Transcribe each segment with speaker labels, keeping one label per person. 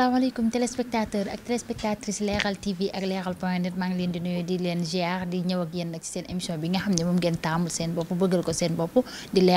Speaker 1: asalaamaaleykum téléspectateur ak téléspectatrice Leral TV ak Leral point net maa ngi leen di nuyu di leen ziar di ñëw ak yéen nag ci seen émission bi nga xam ne moom ngeen taamul seen bopp bëggal ko ni li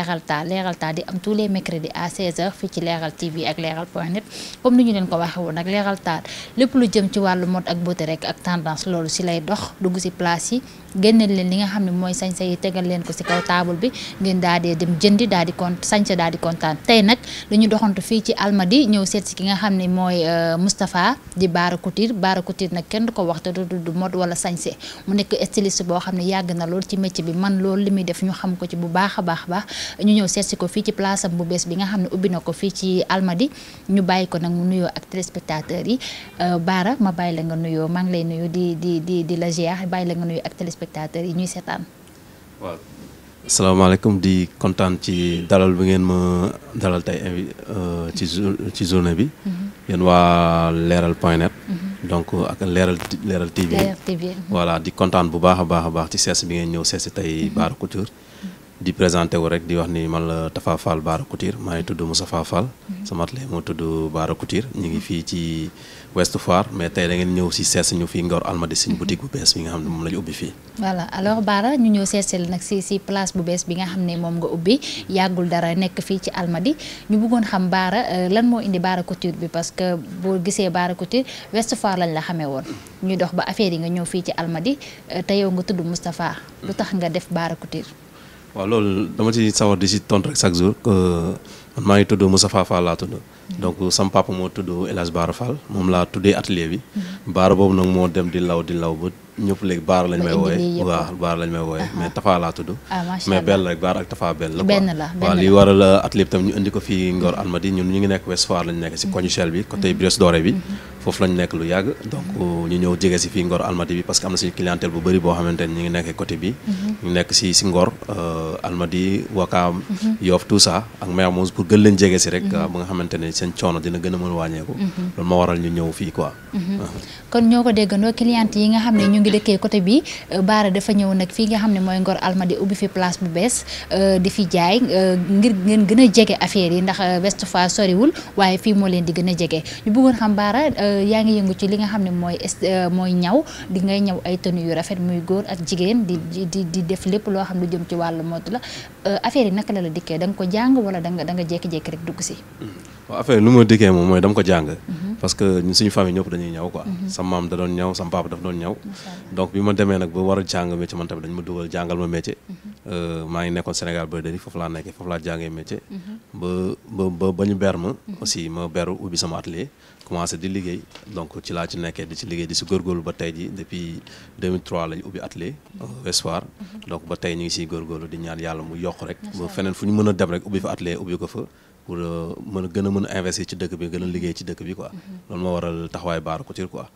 Speaker 1: nga xam ne mooy sañse yi tegal leen ko ci kaw table bi ngeen daal di dem jëndi daal di kont sañse daal di kontaan tey nag dañu doxantu fii ci Almadi ñëw seet ci ki nga xam ne mooy Euh, Moustapha di Baara Couture Baara Couture nag kenn ko wax te du du mode wala sañse mu nekk styliste boo xam ne yàgg na lool ci métier bi man lool li muy def ñu xam ko ci bu baax a baax baax ñu ñëw seetsi ko fii ci place am bu bees bi nga xam ne ubbi na ko fii ci Almadi ñu bàyyi ko nag mu nuyoo ak téléspectateurs yi euh, Baara ma bàyyi la nga nuyoo maa lay nuyu di di di di la ziar bàyyi la nga nuyu ak téléspectateurs yi ñuy seetaan
Speaker 2: salaamaaleykum di kontaan ci dalal bi ngeen ma dalal tey euh, ci ci journée bi. Mm-hmm. yéen waa leeral point net. Mm-hmm. donc leeral leeral TV. voilà di kontaan bu baax a baax a baax ci sees bi ngeen ñëw seesi tey mm-hmm. Bara Couture. di présenté wu rek di wax ni man la Tafa Fall Bara Couture maa ngi tudd Moussa Fall. sama atelier moo tudd Bara Couture ñu ngi fii ci. Ouest Foire mais tey da ngeen ñëw si sees ñu fii Ngor Almadies suñu boutique bu bees bi nga xam ne moom la ñu
Speaker 1: ubbi fii voilà ñu ñëw seese la nag si si place bu bees bi nga xam ne moom nga ubbi yàggul dara nekk fii ci almadi ñu buggoon xam Bara euh, lan moo indi Bara Couture bi parce que boo gisee Bara Couture Ouest Foire lañ la xamee woon ñu dox ba affaire yi nga ñëw fii ci Almadies euh, te yow nga tudd Moustapha lu tax nga def Bara Couture
Speaker 2: waaw loolu dama ci sawar di si tontu rek chaque jour euh, man maa ngi tudd Moustapha Fall laa tudd donc sam papa moo tudd El Hadj Baara Fall moom laa tuddee atelier bi. baara boobu nag moo dem di law di law ba ñëpp léegi baara lañ may wooye waaw baara lañ may wooye mais Tafa laa tudd.
Speaker 1: Ah, mais benn
Speaker 2: la. benn la waaw li waral atelier bi tam ñu indi ko fii Ngor Almadi ñun ñu ngi nekk West Foire lañ nekk si mhm. bi côté mhm. Brioche Dorée mhm. nekk fii Ngor Almadi parce que am na suñu clientèle bu bëri boo xamante ñu ngi nekk côté bi. ñu nekk si si Ngor euh, Almadi Wakaam Yoff tout seen coono dina gën a mën wàññeeku. Mhm. loolu moo waral ñu ñëw fii ko
Speaker 1: mhm. ah. kon ñoo ko déggandoo cliente yi nga xam ne ñu ngi dëkkee côté bi euh, Baara dafa ñëw nag fii nga xam ne mooy Ngor Almadi ubbi fi place bu bees euh, di fi jaay euh, ngir ngeen gën a jege affaire yi ndax Ouest soriwul waaye fii moo leen di gën a jege ñu bëggoon xam yaa ngi yëngu ci li nga xam ne mooy mooy ñaw di ngay ñaw ay tenues yu rafet muy góor ak jigéen di di di def lépp loo xam lu jëm ci wàllu mode la affaire yi naka la la dikkee da nga ko jàng wala da nga da jékki-jékki rek dugg si
Speaker 2: mm. waaw affaire lu ma dikkee moom mooy dama ko jàng mhm. parce que ñun suñu famille ñëpp dañuy ñaw quoi mhm. sama maam da doon ñaw sama papa daf doon ñaw donc bi ma demee nag ba war a jàng métier man tamit dañ ma dugal jàngal ma métier mhm. euh, maa ngi nekkoon Sénégal ba dani foofu laa nekkee foofu laa jàngee métier ba ba ba ba ñu ber ma aussi ma beru ubbi sama atelier commencé di liggéey donc ci laa ci nekkee di ci liggéey di si góorgóorlu ba tey ji depuis 2003 lañ ubbi atelier euh, Ouest-Foire donc ba tey ñu ngi siy góorgóorlu di ñaan yàlla mu yokk rek feneen fu ñu mën a dem rek ubbi fa atelier ubbi ko fa pour euh, mën gën a mën a investir ci dëkk bi gën a liggéey ci dëkk bi quoi. Mm-hmm. loolu moo waral taxawaay Bara Couture quoi.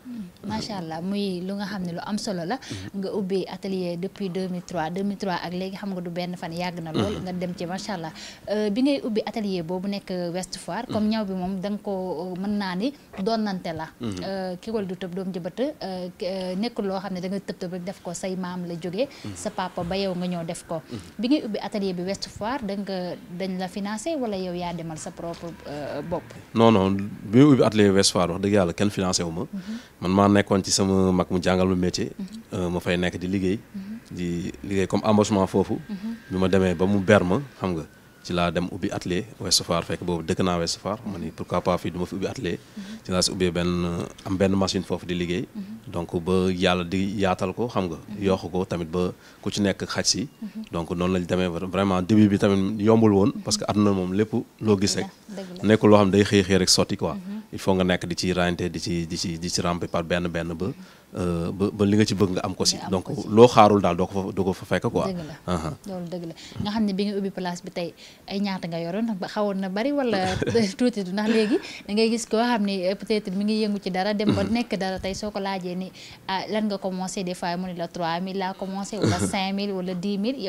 Speaker 1: macha allah muy lu nga xam ne lu am solo la. Mm-hmm. nga ubbi atelier depuis 2003 2003 ak léegi xam nga du benn fan yàgg na lool. Mm-hmm. nga dem ci macha allah euh, bi ngay ubbi atelier boobu nekk West Foire. comme mm-hmm. ñaw bi moom da nga mën naa ni doonante la. Euh, ki wal du tëb doom euh, nekkul loo xam ne da nga tëb def ko say maam la jógee. sa papa ba yow nga ñëw def ko. bi ngay ubbi atelier bi West Foire da nga dañ la financé wala yow yaa demal sa propre bopp.
Speaker 2: non non bi muy ubbi atelier
Speaker 1: wu
Speaker 2: nekkoon ci sama mag mu jàngal ma métier. Mhm. Euh, ma fay nekk di liggéey. Mhm. di liggéey comme embauchement foofu. Mhm. bi ma demee ba mu ber ma xam nga. ci laa dem ubbi atelier Ouest Foire fekk boobu dëkk naa Ouest Foire ma ni pourquoi pas fii du fi ubbi atelier mhm. ci laa si ubbee benn am benn machine foofu di liggéey mhm. donc ba yàlla di yaatal ko xam nga mhm. yokk ko tamit ba ku ci nekk xaj si donc noonu lañ demee vraiment début bi tamit yombul woon parce que àdduna moom lépp loo gis rek nekkul loo xam day xëy xëy rek sotti quoi il faut nga nekk di ci ràññte di ci di ci di ci par benn benn ba ba ba li nga ci bëgg nga am ko si donc loo xaarul daal doo ko fa doo ko fa dëgg la
Speaker 1: loolu dëgg la nga xam ne bi nga ubbi place bi tey ñaata nga yoroon xawoon na bari wala tuuti du ndax léegi da ngay gis koo xam ne euh, peut-être mm-hmm. ah,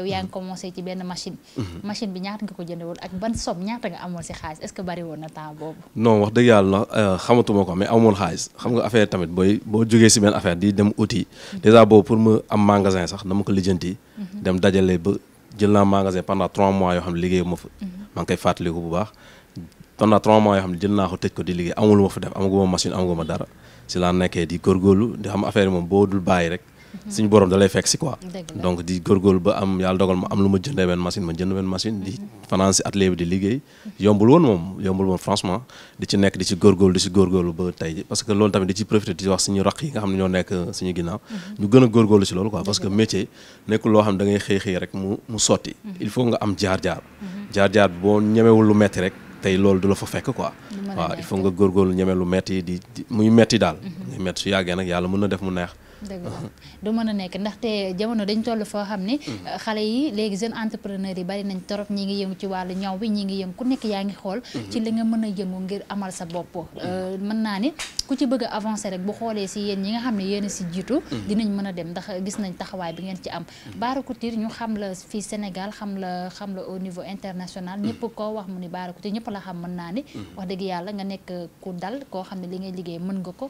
Speaker 1: yaa ngi commencé ci benn machine mm-hmm. machine bi ñaata nga ko jënde woon ak ban sob ñaata nga amoon si xaalis est bari woon na temps boobu
Speaker 2: non wax dëgg yàlla euh, xamatuma ko mais amoon xaalis xam nga affaire tamit booy boo jógee si benn affaire di dem uti dèjà boobu pour mu am magasin sax dama ko lijjanti mhm. dem dajale ba jël naa magasin pendant trois mois yoo xam ne liggéey ma fa mhm. maa ngi koy fàttaliku bu baax pendant trois mois yoo xam ne jël naa ko tëj ko di liggéey amul ma fa def amaguma machine amaguma dara si laa nekkee di góorgóorlu di xam affaire moom boo dul bàyyi rek Mhm. suñ borom da lay fekk si quoi. donc di góorgóorlu ba am yàlla dogal ma am lu ma jëndee benn machine ma jënd benn machine di financé atelier bi di liggéey yombul woon moom yombul woon franchement di ci nekk di ci góorgóorlu ba tey parce que loolu tamit di ci profité di wax suñu raq yi nga xam ne ñoo nekk euh, suñu ginnaaw mhm. ñu gën a góorgóorlu si loolu quoi parce que métier nekkul loo xam da xëy xëy rek mu sotti mhm. il faut nga am jaar-jaar jaar boo ñemewul lu la fa na def mu neex
Speaker 1: dëgg du mën a nekk ndaxte jamono dañ toll foo xam ne. Mm-hmm. xale yi léegi jeune entrepreneur yi bari nañ torop ñi ngi yëngu ci wàllu ñaw bi ñi ngi yëngu ku nekk yaa ngi xool. Mm-hmm. ci li nga mën a yëngu ngir amal sa bopp. Mm-hmm. mën naa ni ku ci bëgg a avancer rek bu xoolee si yéen ñi nga xam ne yéen a si jiitu. dinañ mën a dem ndax gis nañ taxawaay bi ngeen ci am. Bara ñu xam la fii Sénégal xam la xam la au niveau international. ñëpp koo wax mu ni Bara Couture ñëpp la xam mën naa ne. wax dëgg yàlla nga nekk ku dal koo xam ne li ngay liggéey mën nga ko.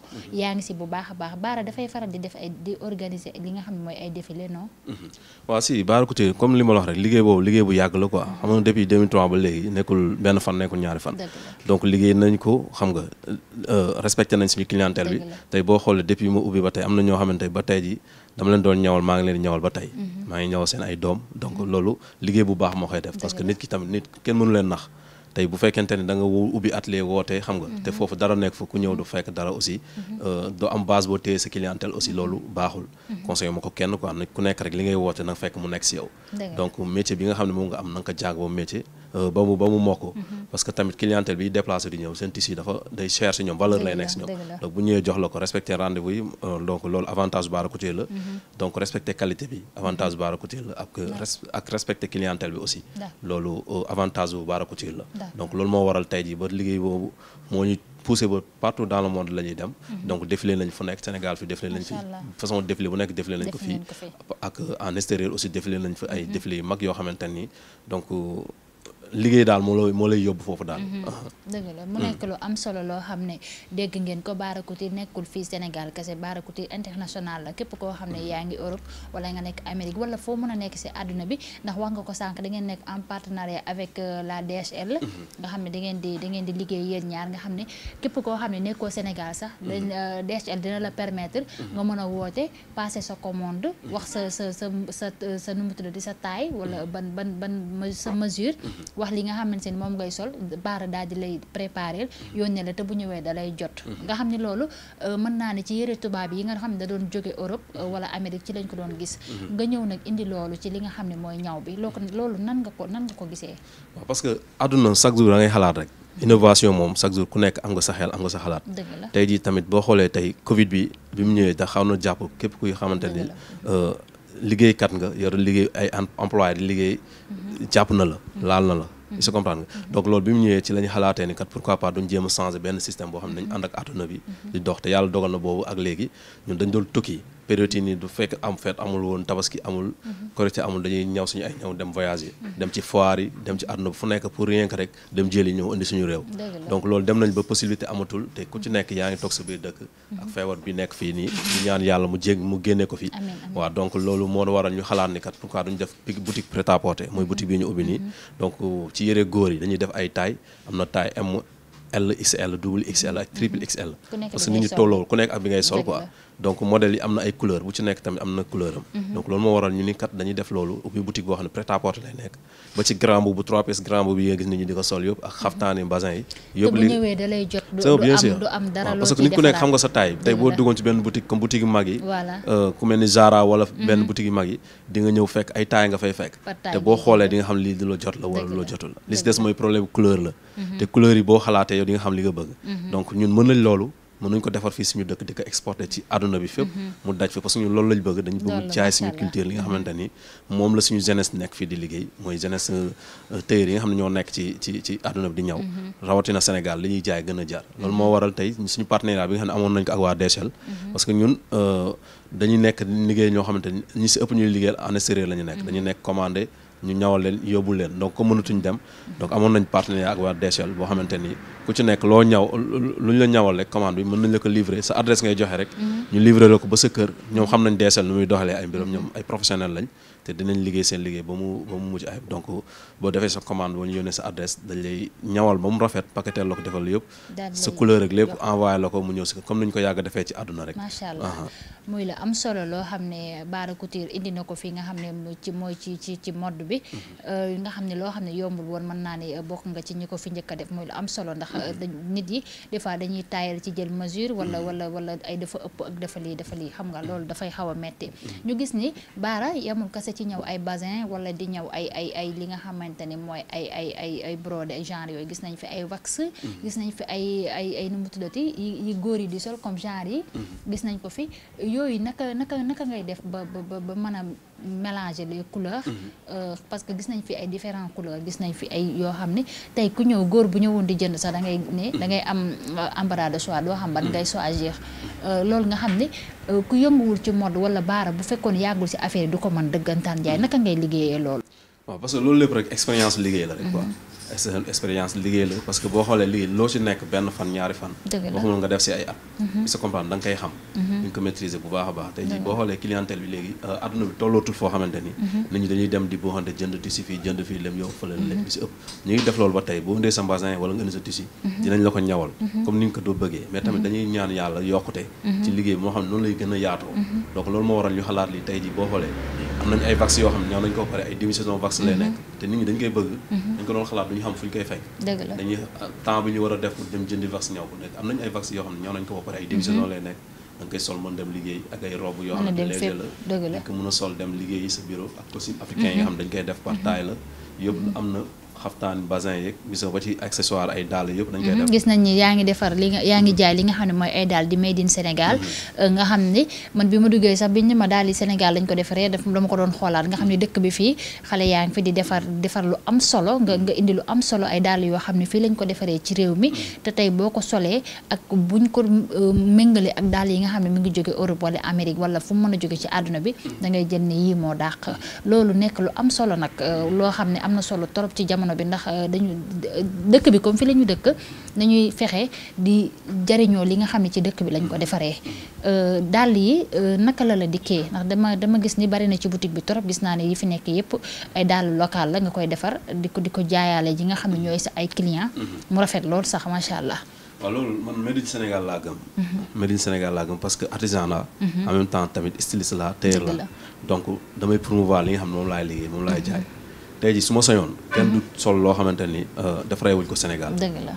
Speaker 1: ay di organiser li nga xam ne mooy ay défilé non. Mm-hmm.
Speaker 2: waaw si Bara Couture comme li ma la wax rek liggéey boobu liggéey bu yàgg la quoi xam nga depuis 2003 ba léegi nekkul benn fan nekkul ñaari fan. donc liggéey nañ ko xam nga euh, respecté nañ suñu clientèle bi. tey boo xoolee depuis ma ubbi ba tey am na ñoo xam xamante ba tey ji dama leen doon ñawal maa ngi leen ñawal ba tey. Mm-hmm. maa ngi ñawal seen ay doom donc loolu liggéey bu baax moo koy def. parce que nit ki tamit nit kenn mënu leen nax. tey bu fekkente ne da nga ubbi atelier woote xam nga te mhm. foofu dara nekk fa ku ñëw du fekk dara aussi mhm. euh, doo am base boo téye sa clientèle aussi loolu mhm. baaxul conseil ma ko kenn quoi na ku nekk rek li ngay woote na fekk mu nekk si yow donc métier bi nga xam ne moom nga am na nga ba métier Euh, ba mu ba mu mokk mhm. parce que tamit clientèle bi déplacé di ñëw seen tissu dafa day cher si ñoom valeur lay nekk si ñoom bu ñëwee jox la ko respecter rendez-vous yi euh, donc loolu avantage Bara Couture la mhm. donc respecter qualité bi avantage mhm. Bara Couture la euh, donc loolu moo waral tey ba liggéey boobu moo ñu poussé ba partout dans le monde la dem donc défilé nañ fu nekk Sénégal fi défilé nañ fi façon défilé bu nekk défilé nañ ko fii ak en extérieur aussi liggéey daal moo lay moo lay yóbbu foofu daal. Mhm.
Speaker 1: dëgg la mu mm. nekk lu am solo loo xam ne dégg ngeen ko Bara Couture nekkul fii Sénégal kese Bara Couture international la képp koo xam ne mm. yaa ngi Europe wala nga nekk Amérique wala foo mën a nekk si àdduna bi ndax wax nga ko sànq da ngeen nekk en partenariat avec euh, la DHL. Mhm. nga xam ne da ngeen di da ngeen di liggéey yéen ñaar nga xam ne képp koo xam ne nekkoo Sénégal sax. Mhm. dañ euh, DHL dina la permettre. nga mën a woote passer sa commande. wax sa sa sa sa sa nu mu sa taille wala ban ban ban sa mesure. wax li nga xamante ni moom ngay sol baara daal di lay préparer yónnee la te bu ñëwee dalay jot mm-hmm. nga xam ne loolu euh, mën naa ne ci yëre tubaab yi nga xam ne da doon jóge Europe euh, wala Amérique ci lañ ko doon gis mm-hmm. nga ñëw nag indi loolu ci li nga xam ne mooy ñaw bi loo ko loolu nan nga ko nan nga ko gisee
Speaker 2: parce que àdduna chaque jour da ngay xalaat rek innovation moom chaque jour ku nekk am nga sa xel am nga sa xalaat tey jii tamit boo xoolee tey covid bi bi mu ñëwee da xaw na jàpp képp kuy xamante ni euh, liggéey kat nga yor liggéey ay employé di liggéey jàpp na la laal na la est-ce que comprendre nga donc loolu bi mu ñëwee ci la xalaatee ni kat pourquoi pas duñ jéem a changer benn système boo xam ne dañ ànd ak àdduna bi di dox te yàlla dogal na boobu ak léegi ñun dañ doon tukki période yi nii du fekk am fête amul woon tabaski amul. Mhm. Korité amul dañuy ñaw suñu ay ñaw dem voyage yi. dem ci foire yi dem ci àdduna fu nekk pour rien que rek dem jëli ñëw indi suñu réew. donc loolu dem nañ ba possibilité amatul te ku ci nekk yaa ngi toog sa biir dëkk. ak mhm. feebar bi nekk fii nii ñu ñaan yàlla mu jég mu génne ko fi. waaw donc loolu moo waral ñu xalaat ni kat pourquoi duñ def boutique prêt à porter mooy boutique bi ñu ubbi nii. Mhm. donc ci yëre góor yi dañuy def ay taille am na taille M L XL double XL ak triple XL. ku nekk ak bi ngay sol quoi donc modèle yi am na ay couleur bu ci nekk tamit am na couleur mhm. donc loolu moo waral ñu ni kat dañuy def loolu ubbi boutique boo xam ne prêt à porter lay nekk ba ci grand bu trois pièces grand mhm. bu bi nga xam nga sa taille benn boutique euh, mhm. mag yi di nga ñëw fekk ay taille nga fay fekk te boo xoolee di nga xam lii di la jot la wala lu la jotul la li si des mooy problème couleur la te couleur yi boo xalaatee di nga xam li nga bëgg donc ñun mën nañ loolu mën nañ ko defar fii suñu dëkk di ko exporté ci àdduna bi fépp mu daj fa parce que ñu loolu lañ bëgg dañ bëgg jaay suñu culture li nga xamante ni moom la suñu jeunesse nekk fii di liggéey mooy jeunesse euh, tailleur yi nga xam ne ñoo nekk ci ci ci àdduna bi di ñëw mm-hmm. rawatina Sénégal li ñuy jaay gën jaar loolu moo waral tey suñu partenariat bi nga xam ne amoon nañ ko ak waa DHL mm-hmm. parce que ñun euh, dañuy nekk liggéey ñoo xamante ni ñi si ëpp ñuy liggéeyal en extérieur la ñu nekk mm-hmm. dañu nekk commandé ñu ñawal leen yóbbu leen donc comme mënatuñ dem donc amoon nañ partenariat ak waa DSL boo xamante ni ku ci nekk loo ñaw lu ñu la ñawal rek commande bi mën nañ la ko livrer sa adresse ngay joxe rek mhm. ñu livrer la ko ba sa kër ñoom xam nañ DSL nu muy doxalee ay mbiram ñoom ay professionnel lañ te dinañ liggéey seen liggéey ba mu ba mu mujj ayib donc boo defee sa commande boo ñu yónnee sa adresse dañ lay ñawal ba mu rafet paqueteel la ko defal yëpp sa couleur ak lépp la ko mu ñëw
Speaker 1: solo loo xam ne Bara Couture indi na ko fii nga xam ne ci mooy ci ci ci mode bi mhm. euh, nga xam ne loo xam ne yombul woon mën naa ne euh, bokk nga ci ñi ko fi njëkk def muy la am solo ndax euh, mhm. nit yi des fois dañuy taayal ci jël mesure wala mhm. wala wala ay dafa ëpp ak dafa lii dafa lii xam nga loolu dafay xaw a metti ñu gis ni Bara yamul kase ci ñëw ay basin wala di ñaw ay ay ay li nga xamante ni mooy ay ay ay ay brodé genre yooyu gis nañ fi ay wax mhm. gis nañ fi ay ay ay nu mu yi góor yi di sol comme genre yi mhm. gis nañ ko fi yooyu naka naka naka ngay def ba ba ba mélanger les couleurs. Mhm. Euh, parce que gis nañ fi ay différents couleurs gis nañ fi ay yoo xam ne tey ku ñëw góor bu ñëwoon di jënd sax da ngay ne da ngay am euh, embarras de choix doo xam ban mhm. ngay choisir euh, loolu nga xam ne ku yënguwul ci mode wala baara bu fekkoon yàggul si affaire yi du ko mën dëggantaan jaay mhm. naka ngay liggéeyee lool
Speaker 2: waaw parce que loolu lépp rek expérience liggéey la rek expérience liggéey la parce que boo xoolee lii loo ci nekk benn fan ñaari fan waxuma nga def si ay at mhm. sa comprendre da nga koy xam mhm. ñu ko maîtriser bu baax baax tey boo xoolee clientèle bi léegi ëpp ñu def loolu ba tey boo indee sa mbasin wala nga indi sa tissu mhm. dinañ la ko ñawal comme ni nga ko doo bëggee mais tamit dañuy ñaan yàlla yokkute ci liggéey moo xam noonu lay gën a yaatoo donc loolu moo waral ñu xalaat lii tey jii boo xoolee am nañ ay vaccin yoo xam ne ñaaw nañ ko pare ay demi saison lay mhm. nekk te nit ñi dañ koy bëgg mhm. dañ ko doon xalaat duñu xam fu ñu koy fay dañuy ah, temps bi war a def pour dem jëndi vaccin ñaw ko nekk am nañ ay vaccin yoo xam ne ñaaw nañ ko pare ay demi mhm. lay nekk da sol mën dem liggéey ak ay robe yoo xam ne léger la
Speaker 1: dëgg
Speaker 2: a sol dem liggéey sa bureau ak costume africain yi xam dañ koy def par la yëpp am na xaftaan bazin yeeg gis nga ba ci accessoire ay dàll yëpp. dañ koy mhm, def
Speaker 1: gis nañ ni yaa ngi defar li nga xam ne mooy ay dàll di made in Sénégal. Mhm. Euh, nga xam ni man bi ma duggee sax biñ ne ma daal di Sénégal lañ ko defaree daf dama ko doon xoolaat xam ne dëkk bi fii xale yaa ngi fi di defar defar lu am solo nga am solo ay dàll yoo xam ne fii lañ ko defaree ci réew mi. Mhm. te tey boo ko solee ak buñ ko euh, méngale ak dàll yi nga xam ne mu ngi jóge Europe wala Amérique wala fu mu man a jóge ci àdduna bi. da ngay jël ne yii moo dàq loolu nekk lu am solo nag euh, loo xam ne am na solo torop ci jamono jamono bi ndax euh, dañu dëkk bi comme fi la ñu dëkk nañuy fexe di jariñoo li nga xam ne ci dëkk bi lañ ko defaree euh, dàll yi euh, naka la la dikkee ndax dama dama gis ni bari na ci boutique bi trop gis naa ne yi fi nekk yépp ay dàll local la nga koy defar di ko di ko jaayaale ji nga xam ne ñooy sa ay client mhm. mu rafet lool sax macha allah.
Speaker 2: waaw loolu man Made in Sénégal laa gëm. Mhm. Made in Sénégal laa gëm parce que artisan la mhm. en temps tamit styliste la tailleur la donc damay promouvoir li nga tey ji su ma sañoon kenn du mhm. sol loo xamante ni euh, defaree wuñ ko Sénégal. dëgg la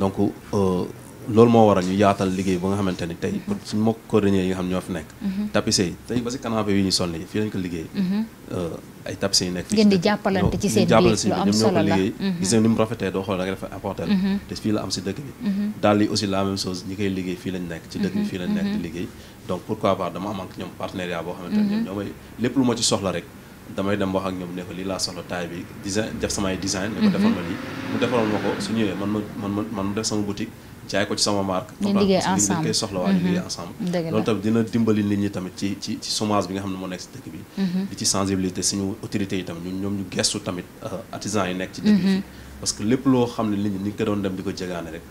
Speaker 2: donc euh, loolu moo waral ñu yaatal liggéey ba nga xamante ni tey su suñu mbokk yi nga xam ñoo fi nekk. Mhm. tapissier tey ba si canapé yi ñu sol nii fii lañ ko liggéey. Mhm. Euh, ay tapissier yi nekk fii ngeen
Speaker 1: ñoo ko liggéey.
Speaker 2: da nga def apporter te fii la am si dëkk bi. daal yi aussi la même chose ñi koy liggéey fii lañ donc pourquoi pas dama am ak ñoom partenariat boo xamante ne ñoom ñoo may lépp lu ma ci soxla rek damay dem wax ak ñoom ne ko lii laa soxla taay bi design def samay design ne ko defal ma lii mhm. mu defal ma ko su ñëwee man ma man ma man mu def sama boutique jaay ko ci sama marque ñu liggéey mhm. liggéey ensemble loolu tamit dina dimbali nit ñi tamit ci ci ci bi nga xam ne moo nekk si dëkk bi mhm. di ci sensibilité suñu autorités yi tamit ñun ñoom ñu gestu tamit euh, artisans yi nekk ci dëkk bi parce que lépp loo xam ne nit ñi ni ko doon dem di ko jegaane rek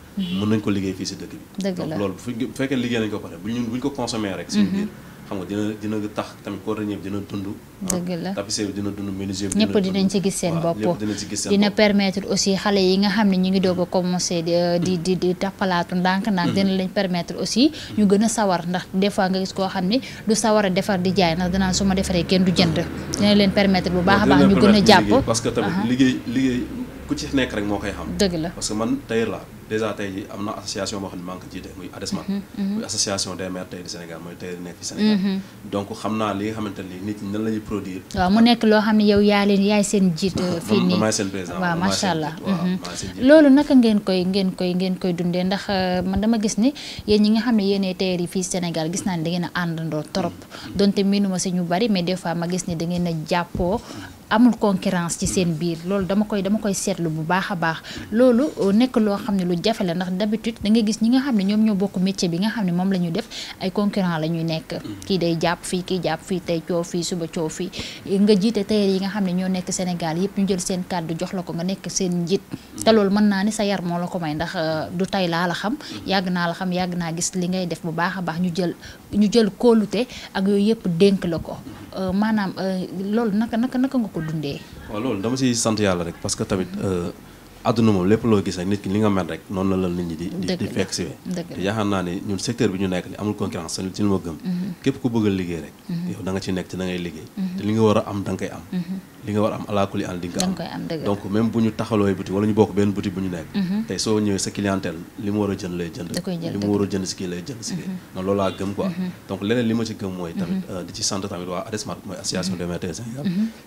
Speaker 2: mën nañ xam nga dina dina tax tamit cordonnier bi dina la tapissier dina dund menuisier bi. ñëpp dinañ ci gis seen bopp dina
Speaker 1: permettre aussi xale yi nga xam ne ñu ngi doog a commencé di euh, di di tappalaatu ndànk-ndànk. Mm-hmm. dina leen permettre aussi ñu gën a sawar ndax des fois nga gis koo xam ne du sawar a defar di jaay ndax danaan su ma defaree kenn du jënd. dina leen permettre bu baax a baax ñu gën a jàpp parce que tamit
Speaker 2: liggéey liggéey ku ci nekk rek moo koy xam. dëgg la parce la dèjà tey ji am na association boo xam ne maa ngi ko jiite muy ADESMAT mm-hmm, mm-hmm. muy tey nekk fi Sénégal mm-hmm. donc xam naa li xamante ni nit ñi
Speaker 1: loo xam ne yow yaa leen yaay seen jiit uh, fii nii maay seen président waaw macha allah loolu naka ngeen koy ngeen koy ngeen koy dundee ndax uh, man dama gis ni yéen ñi nga xam ne yéenee teer yi fii Sénégal gis naa ni da ngeen a àndandoo trop donte miinuma si ñu bari mais des ma gis ni dangeen ngeen jàppoo amul concurrence ci seen biir loolu dama koy dama koy seetlu bu baax a baax loolu euh, nekk loo xam ne lu jafe la ndax d'habitude da ngay gis ñi nga xam ne ñoom ñoo bokk métier bi nga xam ne moom la ñu def ay concurrent la ñuy nekk kii day jàpp fii kii jàpp fii tey coow fii suba coow fii nga jiite tailleur yi nga xam ne ñoo nekk Sénégal yëpp ñu jël seen kàddu jox la ko nga nekk seen njiit te loolu mën naa ne sa yar moo la ko may ndax euh, du tay laa la xam yàgg naa la xam yàgg naa gis li ngay def bu baax a baax ñu jël ñu jël kóolute ak yooyu yëpp dénk la ko euh, maanaam loolu naka naka naka nga ko dundee.
Speaker 2: waaw loolu dama si sant yàlla rek parce tamit euh, àdduna moom lépp loo gis rek nit ki li nga mel rek noonu la la nit ñi di di fekk si te yaakaar naa ne ñun secteur bi ñu nekk ni amul concurrence ci li ma gëm mm-hmm. képp ku bëgg a liggéey rek
Speaker 1: mm-hmm. yow da
Speaker 2: ci nekk te da liggéey mm-hmm. te li nga war a am da am li nga war am alaakuli an di nga am donc même bu ñu taxalooy boutique wala ñu bokk benn boutique bu ñu nekk mhm. tey soo ñëwee sa clientèle li mu war a jënd lay jënd li mu war a jënd si kii lay jënd si kii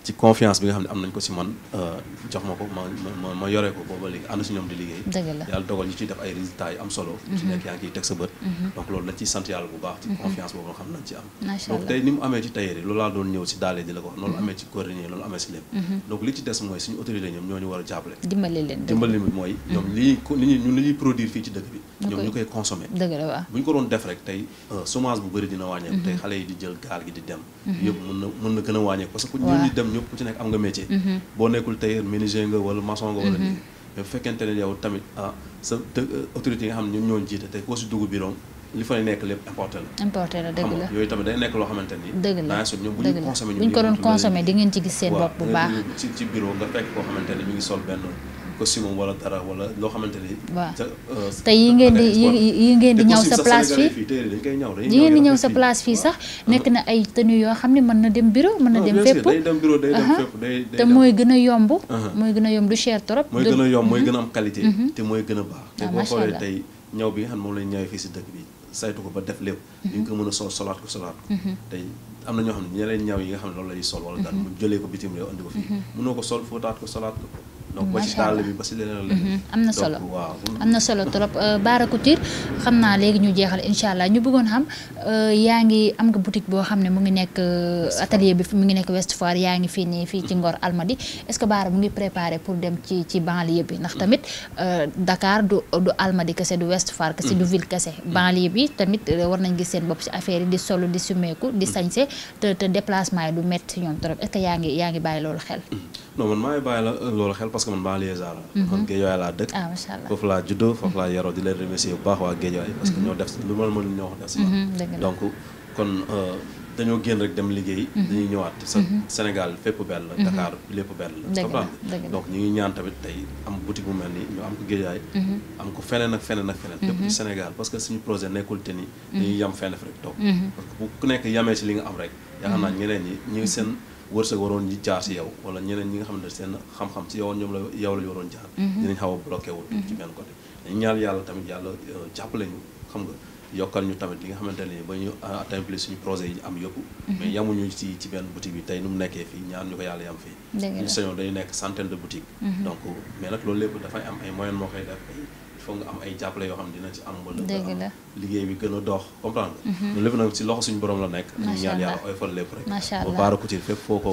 Speaker 2: ci confiance bi nga xam ne am nañ ko si man euh, jox ma ko ma ma ma ko booba léegi ànd si ñoom di liggéey yàlla dogal ñu ciy def ay résultats yu am solo ci mhm. nekk yaa ngi ciy teg sa bët mhm. donc loolu dañ ciy sant yàlla bu baax ci confiance boobu nga xam nañ ci am lépp donc li ci des mooy suñu autorité ñoom ñoo war a jàppale
Speaker 1: dimbali leen dimbali
Speaker 2: mooy ñoom mm-hmm. li li ñun li ñuy produire fii ci dëkk bi ñoom ñu koy consommer
Speaker 1: bu
Speaker 2: ñu ko doon def rek tey euh, chômage bu bëri dina wàññeeku mm-hmm. tey xale yi di jël gaal gi di dem mm-hmm. yëpp mën na mën na gën a wàññeeku parce que ñun ñu dem ñëpp ku ci nekk am nga métier boo nekkul tailleur menuisier nga wala maçon nga wala nii mais bu fekkente tamit ah sa euh, autorité yi xam ne ñoom ñoo tey koo li fay nekk lépp importé la.
Speaker 1: importé la dëgg
Speaker 2: yooyu tamit day nekk loo xamante ni. dëgg la daa ñoom bu ñu consommé ñu nga fekk koo xamante ni mi ngi sol benn costume wala dara wala loo xamante ni. waaw euh, te yi ngeen di yi ngeen sa place
Speaker 1: fii sa sax nekk na ay tenue yoo xam ne mën na dem bureau mën na dem fépp day
Speaker 2: dem te mooy
Speaker 1: gën a yomb mooy gën a yomb du cher trop mooy gën a yomb mooy mhm. gën a am
Speaker 2: qualité mhm. te mooy gën a baax ah, moom lañ ñëwee fii si dëkk bi saytu ko ba def lépp. ni mhm. nga ko mën a sol solaat ko solaat ko. Mhm. tey am na ñoo xam ne ñeneen ñaw yi nga xam ne loolu la sol. wala daal mhm. mu jëlee ko bitim réew andi ko fii. mënoo ko sol fóotaat ko solaat ko. donc ba ci
Speaker 1: mhm. am na solo am na solo trop euh, Bara Couture xam naa léegi ñu jeexal incha allah ñu bëggoon xam euh, yaa ngi am nga boutique boo xam ne mu ngi nekk euh, atelier bi mu ngi nekk West Foire yaa ngi fii nii fii ci Ngor Almadi est-ce que Bara mu ngi préparé pour dem ci ci banlieue bi ndax tamit dakaar du du Almadi kese du West Foire kese du mhm. ville kese mhm. banlieue bi tamit war nañ gis seen bopp ci affaire yi di solo di sumeeku di sañse te te déplacement yi du metti ñoom trop est yaa ngi yaa ngi bàyyi loolu xel
Speaker 2: non man maa ngi bàyyi la euh, loolu xel parce que man maa liégear la mhm. man géejawaay laa dëkk
Speaker 1: ah, foofu
Speaker 2: laa juddoo foofu laa mhm. yaroo di leen remercier bu baax waa géejawaay parce que ñoo mhm. def lu ma mën ñoo def si donc kon euh, dañoo génn dem liggéey dañuy ñëwaat sa Sénégal fépp benn la Dakar lépp benn la donc ñu ñaan tamit tey am boutique bu mel ni ñu am ko géejaay am ko feneen ak feneen ak feneen lépp ci Sénégal parce que suñu projet nekkul te ni dañuy yam fenn wërsëg waroon di jaar si yow wala ñeneen ñi nga xam ne seen xam-xam si yow ñoom la yow la waroon jaar mhm. dinañ xaw a bloqué mhm. ci benn côté dañ ñaan yàlla tamit yàlla euh, jàppale ñu xam nga yokkal ñu tamit li nga xamante ne ba ñu euh, atteindre suñu projet yi am yëpp mhm. mais yamuñu ci bi tey nu mu nekkee fii ñaan ñu ko yàlla yam fii ñu sañoon dañu nekk centaine de boutiques donc mais nag loolu lépp dafay am ay moyens moo koy def il faut nga am ay jàppale yoo xam dina ci am wala liggéey bi gën a dox comprendre nga mhm. loolu lépp nag ci loxo suñu borom la nekk ñu ñaan yàlla oyfal lépp rek ba baara ku ci foo ko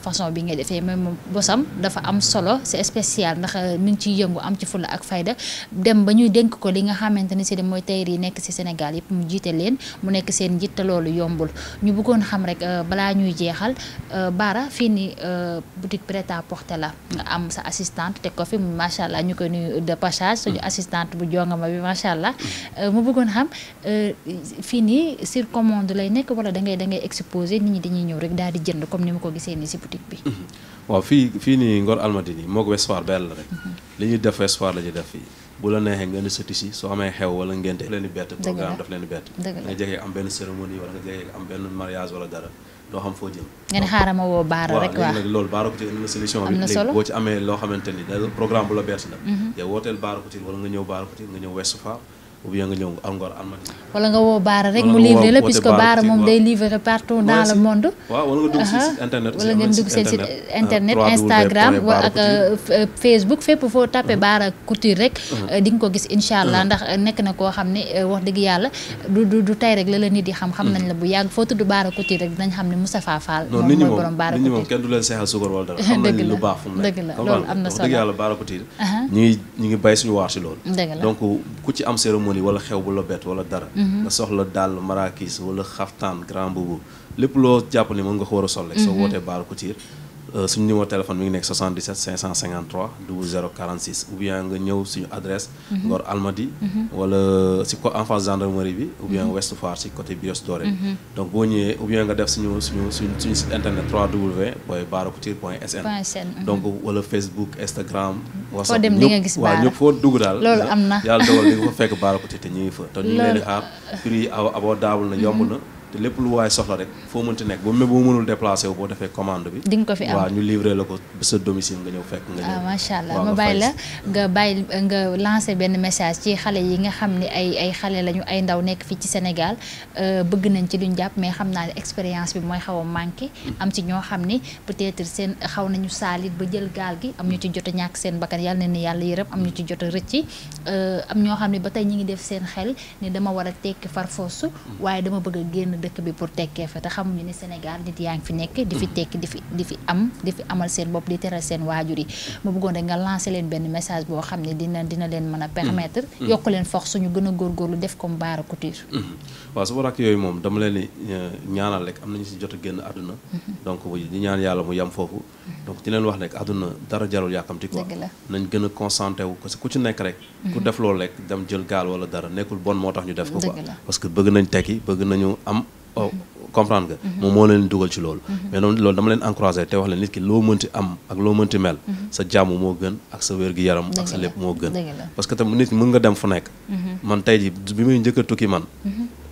Speaker 1: façon bi nga defee mais mu bosam dafa am solo c'est spécial ndax euh, mi ngi ciy yëngu am ci fula ak fayda dem ba ñuy dénk ko li nga xamante ne si de mooy tayër nekk si Sénégal yëpp mu jiite leen mu nekk seen loolu yombul ñu bëggoon xam rek euh, balaa ñuy jeexal euh, Bara fii ni boutique prêt à porter la am sa assistante teg ko fi macha allah ñu koy nuyu de passage mm. bu jongama bi macha allah mu bëggoon xam fii nii sur commande lay nekk wala da ngay da ngay exposé nit ñi dañuy di jënd comme ni ma ko gisee nii si boutique bi. Mm-hmm.
Speaker 2: waaw fii fii nii Ngor Almadi nii moog West benn la rek. Mm-hmm. li ñuy def West la ñuy def fii bu la neexee nga ne sa soo amee xew wala ngénte daf leen bett nga jege am benn cérémonie wala nga jege am benn mariage wala dara. doo xam foo jëm. nga ne xaaral
Speaker 1: ma woo Baara rek waaw léegi nag
Speaker 2: loolu Baara Couture am na solution bi léegi boo ci amee loo xamante ni da programme bu la bett la. Mm-hmm. yow wooteel Baara Couture wala nga ñëw Baara Couture nga ñëw West ou bien nga ñëw encore
Speaker 1: woo Baara rek mu livré la puisque Baara moom day livré partout dans le monde.
Speaker 2: waaw wala nga dugg si ah, internet. wala nga dugg si site internet ah, Instagram ak euh,
Speaker 1: euh, Facebook fépp foo tapé mhm. Baara Couture rek. Mhm. Euh, di nga ko gis incha mhm. ndax nekk na koo xam ne wax dëgg yàlla du du du tey rek la la nit yi xam. xam nañ la bu yàgg foo tudd Baara Couture rek dinañ xam ne Moustapha Fall. moom mooy borom Baara Couture non nit ñi moom nit ñi moom kenn
Speaker 2: du leen seexal suukar wala dara. xam nañ lu baax fu la loolu am na solo cérémonie wala xew bu la bett wala dara mhm. nga soxla dàll marakis wala xaftaan grand boubou lépp loo jàpp ni mën nga ko war a sol soo mhm. wootee Bara Couture Euh, suñu numéro téléphone mi ngi nekk 77 553 00 46 ou bien nga ñëw suñu adresse. Mhm. Ngor Almadi. Mhm. wala si ko en face gendarmerie bi. ou bien mhm. Ouest Foire si côté Bios Doré. donc boo ñëwee ou bien nga def suñu suñu internet 3W point barakoutir point
Speaker 1: sn. donc
Speaker 2: wala Facebook Instagram. foo dem di nga gis baara foo dugg daal. loolu am na yàlla dogal di nga fa fekk barakoutir te ñu ngi fa. loolu te ñu ngi leen di xaar prix abordable na yomb na. te lépp lu waaye soxla rek foo mënti nekk ba même bu mënul déplacé wu boo defee commande bi. di nga ko fi am ñu livré la ko sa domicile nga ñëw fekk. nga ñëw ah,
Speaker 1: waaw allah ma bàyyi la nga bàyyi lancé benn message ci xale yi nga xam ne ay ay xale lañu ay ndaw nekk fii ci Sénégal euh, bëgg nañ ci luñ jàpp mais xam naa ne expérience bi mooy xaw a manqué. am ci ñoo xam ni peut-être seen xaw nañu saalit ba jël gaal gi am ñu ci jot ñàkk seen bakkan yàlla na ne yàlla yërëm am ñu ci jot a rëcc euh, am ñoo xam ne ba tey ñu ngi def seen xel ne dama war a tekki farfoosu dëkk bi pour tekkee fa te xamuñu ne Sénégal nit yaa ngi fi nekk di fi tekki di fi di fi am di fi amal seen bopp di teral seen waajur yi mu bëggoon rek nga lancer leen benn message boo xam ne dina dina leen mën a mm-hmm. permettre mm-hmm. yokk leen force suñu gën a góorgóorlu def comme baara couture
Speaker 2: mm-hmm. waaw sama rakk yooyu moom dama leen di euh, ñaanal rek am nañu si jot a génn àdduna mm-hmm. donc di ñaan yàlla mu yem foofu mm-hmm. donc di leen wax rek àdduna dara jarul yàkkamti nañ gën a concentré wu parce que ku ci nekk rek ku mm-hmm. def loolu rek dem jël gaal wala dara nekkul bon moo tax ñu def ko quoi parce que bëgg nañ tekki bëgg nañu am oh, comprendre nga moom moo leen dugal ci loolu mais noonu loolu dama leen encouragé te wax leen nit ki loo mënti am ak loo mënti mel sa jàmm moo gën ak sa wér gi yaram ak sa lépp moo gën parce que tam nit mën nga dem fu nekk man tey a tukki man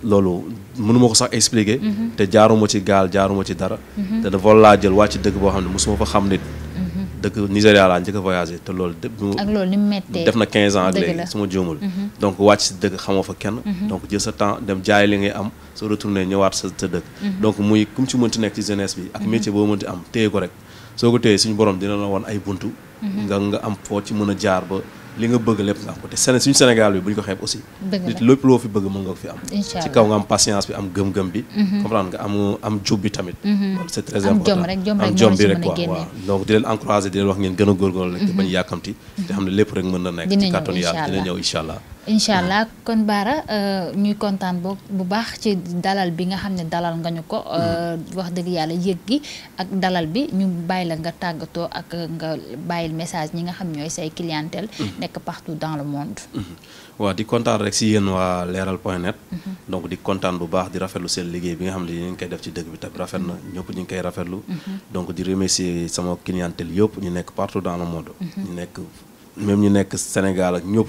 Speaker 2: loolu mënuma ko sax expliquer. Mhm. te jaaruma ci gaal jaaruma ci dara. Mhm. te de vol laa jël wàcc dëkk boo xam ne mosuma fa xam nit. Mhm. dëkk Nigéria laa njëkk a voyagé te loolu. ak
Speaker 1: loolu ni mu méttee def na
Speaker 2: 15 ans ak léegi su ma juumul. donc wàcc si dëkk xamoo fa kenn. donc jël sa temps dem jaay li ngay am soo retourné ñëwaat sa dëkk. donc muy kum ci mënti nekk ci jeunesse bi. ak métier boo mënti am téye ko rek. soo ko téye suñu borom dina la woon ay buntu. nga nga am foo ci mën a jaar ba. li nga bëgg lépp nga am ko te Sénégal bi bu ko xeeb aussi. lépp loo fi bëgg mën nga ko fi am. ci kaw nga am patience bi am gëm-gëm bi. Mhm. comprendre nga am jub bi tamit. Mhm. loolu c'est très important
Speaker 1: am jom bi rek quoi
Speaker 2: donc di leen encourager di leen wax ngeen gën a rek. te mhm. bañ yàkkamti te xam ne lépp rek mën na nekk. dina ñëw incha allah
Speaker 1: incha allah kon Baara euh, ñuy kontaan boo bu baax ci dalal bi nga xam ne dalal nga ñu ko. Mm. Euh, wax dëgg yàlla yëg gi ak dalal bi ñu bàyyi la nga tàggatoo ak nga bàyyil message ñi nga xam ñooy say clientèle. Mm. nekk partout dans le monde. Mm-hmm.
Speaker 2: waaw di kontaan rek si yéen waa leeral point net. Mm-hmm. donc di kontaan bu baax di rafetlu seen liggéey bi nga xam ne yéen ngi koy def ci dëkk bi tam rafet na mm-hmm. ñëpp ñu ngi koy rafetlu. donc di remercier sama clientèle yëpp ñu nekk partout dans le monde. ñu nekk même ñu nekk Sénégal ak ñëpp.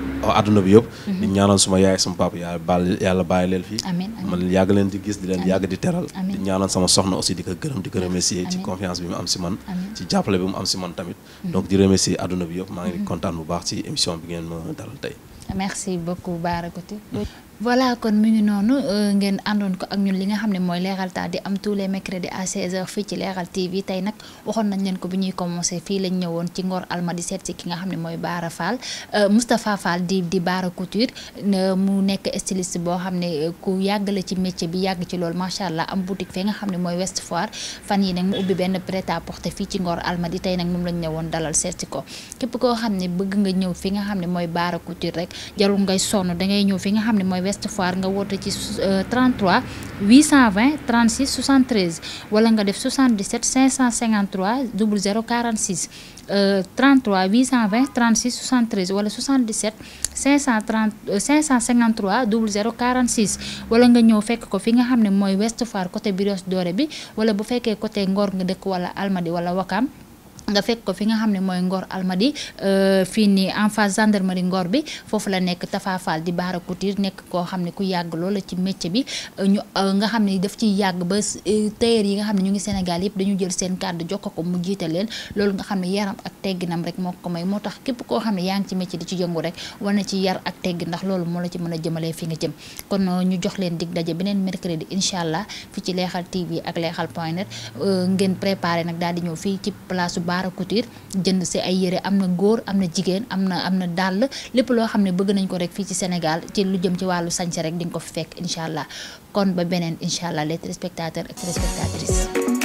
Speaker 2: àdduna bi yëpp mhm. di ñaanal suma yaay sama papa yàlla baal yàlla bàyyi leen fii man yàgg leen di gis di leen yàgg di teral di ñaanal sama soxna aussi di ko gërëm di ko remercier ci confiance bi mu am si man ci jàppale bi mu am si man tamit mhm. donc di remercier àdduna bi yëpp maa ngi mhm. kontaan bu baax ci émission bi ngeen ma dalal tey
Speaker 1: voilà kon mu ngi noonu euh, ngeen àndoon ko ak ñun li nga xam ne mooy leeral taa di am tous les mercredis à 16h fii ci leeral TV tey nag waxoon nañ leen ko bi ñuy commencé fii lañ ñëwoon ci Ngor Alma di seet si ki nga xam ne mooy Baara Fall euh, Moustapha Fall di di Baara Couture mu nekk styliste boo xam ne euh, ku yàgg la ci métier bi yàgg ci loolu macha allah am boutique fee nga xam ne mooy West Foire fan yi nag mu benn prêt à porter fii ci Ngor Alma di tey nag moom lañ ñëwoon dalal seet si ko képp koo xam ne bëgg nga ñëw fi nga xam ne mooy Baara Couture rek jarul ngay sonn dangay ñëw fi nga xam ne mooy West nga woote ci 33 820 36 73 wala nga def 77 553 00 46 33 820 36 73 wala 77 530 553 00 46 wala nga ñëw fekk ko fi nga xam ne mooy West Foire côté Biros Doré bi wala bu fekkee côté Ngor nga dëkk wala Almadi wala Wakam nga fekk ko fi nga xam ne mooy Ngor Almadi euh, fii nii en face gendarmerie Ngor bi foofu la nekk tafaafaal di baara couture nekk koo xam ne ku yàgg loola ci métier bi euh, euh, nga xam ne daf ci yàgg ba tailleur yi nga xam ne ñu ngi Sénégal yëpp dañu jël seen kàddu jox ko ko mu jiite leen loolu nga xam ne yaram ak tegginam rek moo ko may moo tax képp koo xam ne yaa ngi ci métier di ci yëngu rek war na ci yar ak teggi ndax loolu moo la ci mën a jëmalee fi nga jëm kon ñu jox leen dig daje beneen mercredi incha allah fi ci Leral TV ak Leral point net ngeen préparé nag daal di ñëw Baara Couture jënd si ay yére am na góor am na jigéen am na am na dàll lépp loo xam ne bëgg nañ ko rek fii ci Sénégal ci lu jëm ci wàllu sañse rek di ko fi fekk incha allah kon ba beneen incha allah les téléspectateurs ak téléspectatrices